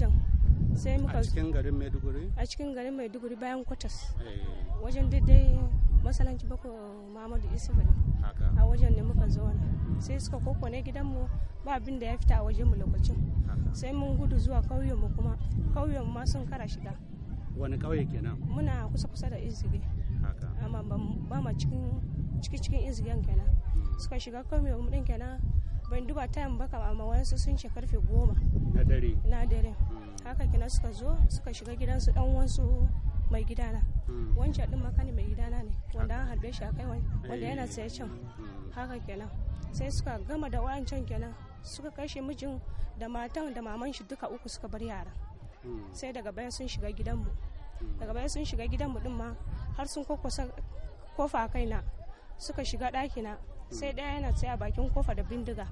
wajen sai muka a cikin garin maiduguri a cikin garin maiduguri bayan kwatas eh. wajen daidai masalanci bako mamadu isufu a wajen ne muka zauna sai suka kokone gidanmu ba abin da ya fita a wajen mu lokacin sai mun gudu zuwa mu kuma kauyen ma sun kara shiga wani kauye kenan muna kusa kusa da izige amma ba ma cikin cikin izgen kenan hmm. suka shiga kauyen mu din kenan ban duba time ba kam amma wayansu sun ce karfe goma na dare na dare haka kina suka zo suka shiga gidansu dan wasu mai gidana hmm. wancan din makani mai gidana ne wanda an harbe shi a kai wanda yana eh. tsaye can hmm. haka kenan sai suka gama da wancan kenan suka kashe mijin da matan da maman shi duka uku suka bar yaran hmm. sai daga baya sun shiga gidanmu daga baya sun shiga gidanmu din ma har sun kokosa kofa kaina suka shiga ɗakina sai ɗaya yana tsaye a bakin kofa da bindiga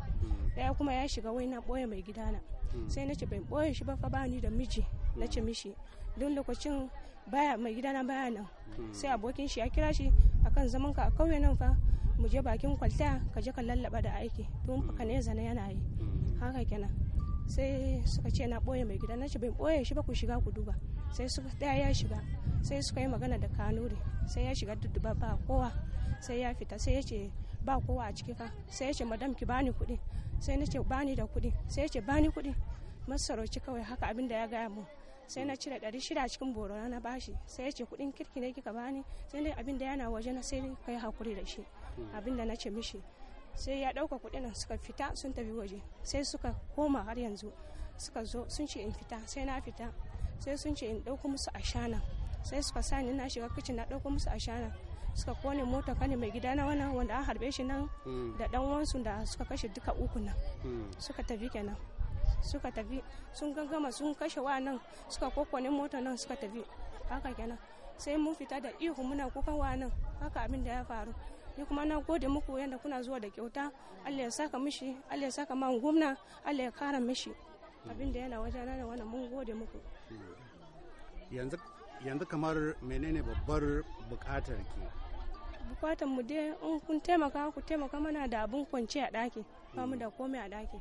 ɗaya kuma ya shiga wai na ɓoye mai gidana sai na ce bai ɓoye shi ba fa ba ni da miji na ce mishi don lokacin baya mai gidana baya nan sai abokin shi ya kira shi akan zaman ka a kauye nan fa mu je bakin kwalta ka je ka lallaba da aiki don fa ne zana yana yi haka kenan sai suka ce na ɓoye mai gidana na ce bai ɓoye shi ba ku shiga ku duba sai su daya ya shiga sai suka yi magana da kanuri sai ya shiga dudduba ba kowa sai ya fita sai ya ce ba kowa a ciki fa sai ya ce madam ki bani kuɗi sai na ce bani da kuɗi sai ya ce bani kuɗi masarauci kawai haka abin da ya gaya mu sai na cire ɗari shida cikin boro na bashi sai ya ce kuɗin kirki ne kika bani sai dai abin da yana waje na sai kai hakuri da shi abin da na ce mishi sai ya ɗauka kuɗin nan suka fita sun tafi waje sai suka koma har yanzu suka zo sun ce in fita sai na fita sai sun ce in ɗauko musu ashana sai suka sa ni na shiga kicin na ɗauko musu ashana suka kone mota kane mai gida na wannan wanda an harbe shi nan hmm. da dan wansu da suka kashe duka uku nan hmm. suka tafi kenan suka tafi sun gangama sun kashe wa nan suka kokone mota nan suka tafi haka kenan sai mun fita da ihu muna kukan wa nan haka abin da ya faru ni kuma na gode muku yadda kuna zuwa da kyauta allah ya saka mishi allah ya saka man gwamna allah ya kara mishi Mm. abin yana wajena da wannan mun gode muku mm. yanzu kamar menene babbar bukatar ke bukatar mu dai in kun taimaka ku taimaka mana da abin kwanci a daki ba mu mm. da komai a daki